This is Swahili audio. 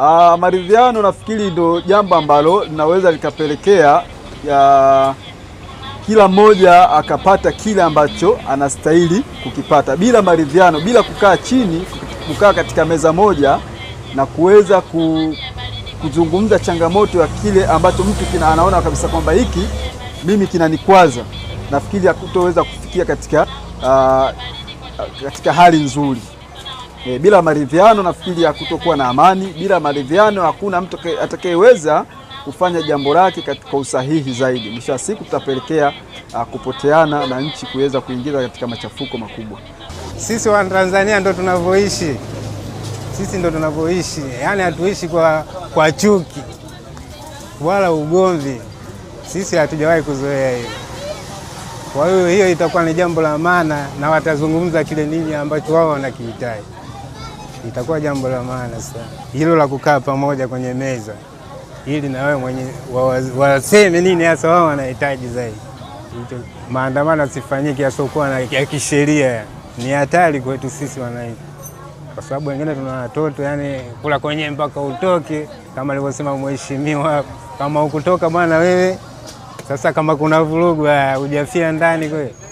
Uh, maridhiano nafikiri ndo jambo ambalo linaweza likapelekea ya kila mmoja akapata kile ambacho anastahili kukipata bila maridhiano, bila kukaa chini, kukaa katika meza moja na kuweza kuzungumza changamoto ya kile ambacho mtu kina anaona kabisa kwamba hiki mimi kinanikwaza. Nafikiri hakutoweza kufikia katika, uh, katika hali nzuri. E, bila maridhiano nafikiri kutokuwa na amani. Bila maridhiano hakuna mtu atakayeweza kufanya jambo lake kwa usahihi zaidi. Mwisho wa siku tutapelekea kupoteana na nchi kuweza kuingiza katika machafuko makubwa. Sisi wa Tanzania ndo tunavyoishi, sisi ndo tunavyoishi, yaani hatuishi kwa, kwa chuki wala ugomvi. Sisi hatujawahi kuzoea hiyo. Kwa hiyo hiyo itakuwa ni jambo la maana, na watazungumza kile nini ambacho wao wanakihitaji itakuwa jambo la maana sana hilo la kukaa pamoja kwenye meza, ili na wewe mwenye waseme nini hasa wao wanahitaji zaidi. Maandamano asifanyike yasiokuwa ya kisheria, ni hatari kwetu sisi wananchi, kwa sababu wengine tuna watoto, yani kula kwenye mpaka utoke, kama alivyosema mheshimiwa, kama ukutoka bwana wewe sasa, kama kuna vurugu hujafia ndani kwe